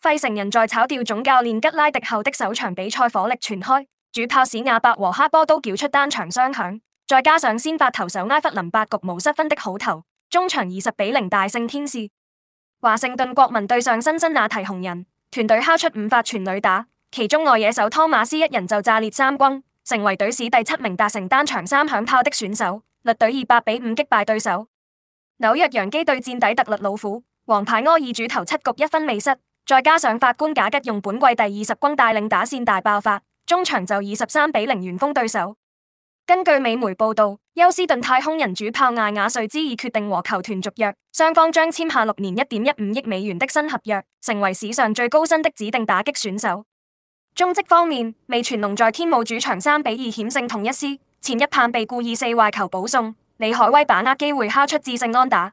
費城人在炒掉總教練吉拉迪後的首場比賽火力全開，主炮史亞伯和哈波都繳出單場雙響，再加上先發投手埃弗林伯八局無失分的好投，終場二十比零大勝天使。華盛頓國民對上辛辛那提紅人，團隊敲出五發全壘打，其中外野手托馬斯一人就炸裂三轟，成為隊史第七名達成單場三響炮的選手，率隊以八比五擊敗對手。紐約揚基對戰底特律老虎，王牌柯爾主投七局一分未失。再加上法官賈吉用本季第二十轟帶領打線大爆發，終場就以二十三比零完封對手。根據美媒報道，休斯頓太空人主炮艾雅瑞茲已決定和球團續約，雙方將簽下六年一點一五億美元的新合約，成為史上最高薪的指定打擊選手。中職方面，味全龍在天母主場三比二險勝統一獅，前一棒被故意四壞球保送，李海威把握機會敲出致勝安打。